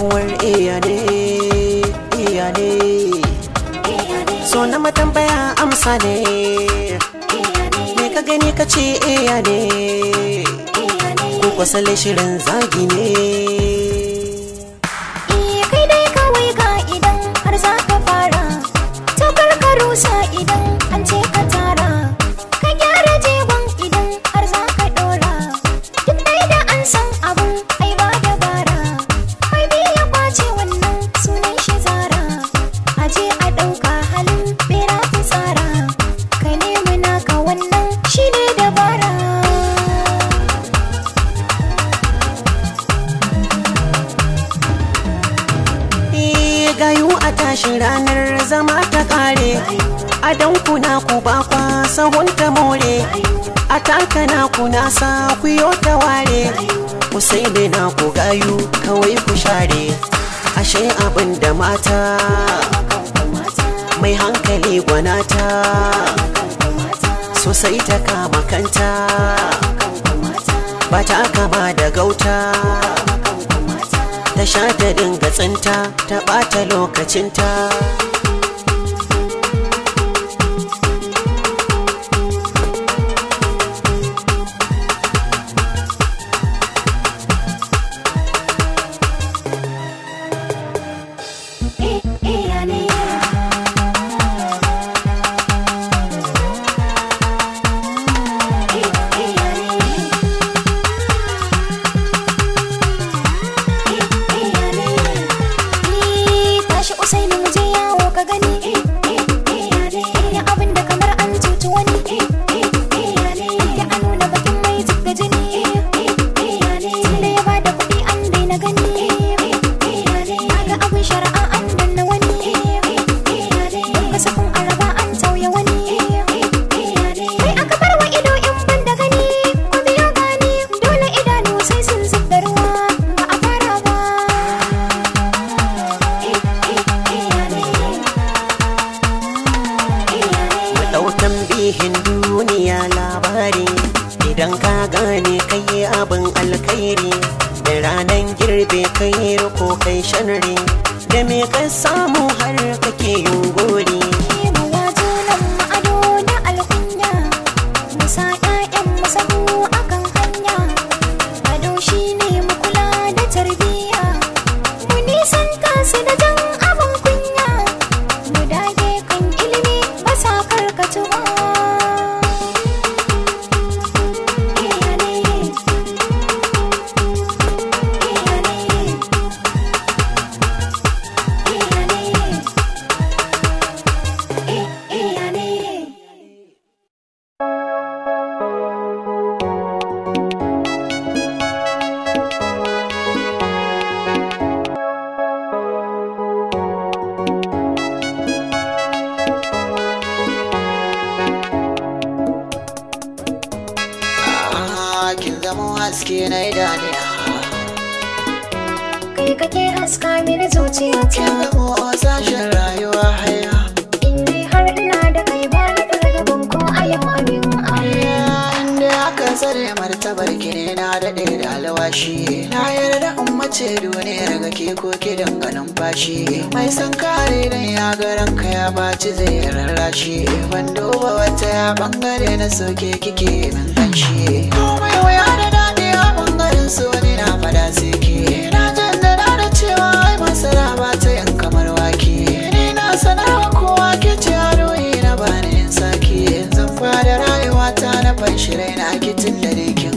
tsohuwar iyade iyade so na matambaya amsa ne me ka gani ka ce iyade ko kwasalin shirin zagi ne eh, idan har za ka fara ta karkaru sa idan gayu a tashin ranar zama ta kare a dan kuna ku ba kwa sahun ta more a taka na ku na sa yi ta ware ku sai da na ku gayu kawai ku share ashe abin da mata mai hankali gwanata sosai ta kama kanta ba ta kama da gauta ta sha ta dinga tsinta ta ɓata lokacinta tarihin duniya labari idan ka gane kai abin alkhairi da ranar girbe kai ruko kai shanri da me ka samu har kake yi mu haske na idaniya kai kake haska mini zuciya ta mu sashen rayuwa haya indai har ina da kai ba na fargaban ko a yau abin aya inda aka tsare martabar ki ne na daɗe da alwashi na yarda ummace duniyar ga ke ko ke danganin bashi mai san kare dan ya ga ranka ya baci zai rarrashi ban duba wata ya bangare na soke kike min kanshi raina ake tillare kin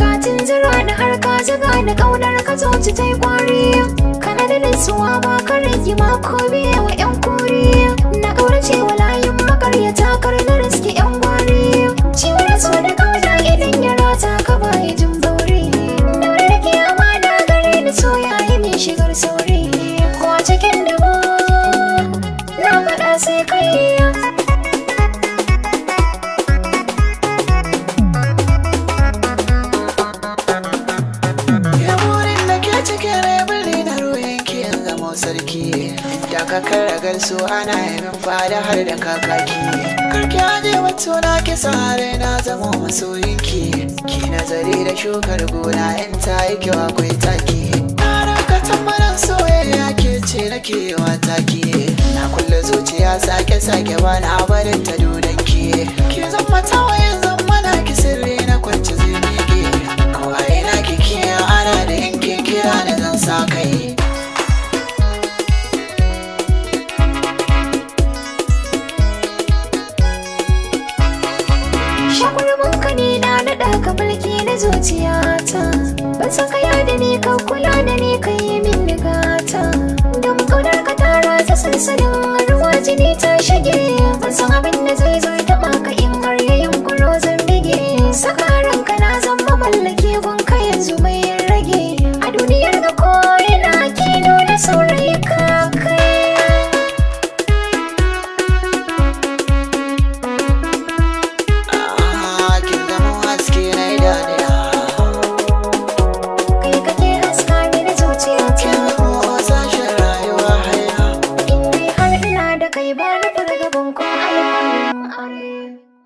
kai jira da harka ka da ƙaunar ka zoci ta yi ƙwari kana da nutsuwa ba ka rage ma ko biye wa 'yan kori na ƙaurace wa layin makaryata karnar secret. sarki takakar ragar su ana yamin fada har da kakaki karki aje wato na kisa harai na zama masoyinki ki nazari da shukar gona in ta yi kyau akwai taki na ranka tambaran soyayya ke ce na kewa sake sake ba na barin ta dodon ki ki zama tawaye zama na ki sirri na kwanci zirgi ki ko a ina kiki ana da yin kira da zan sa kai ta. ban san kaya da ni ka kula da ni ka yi min nigata don kaunar ka tara ta sansanin ni ta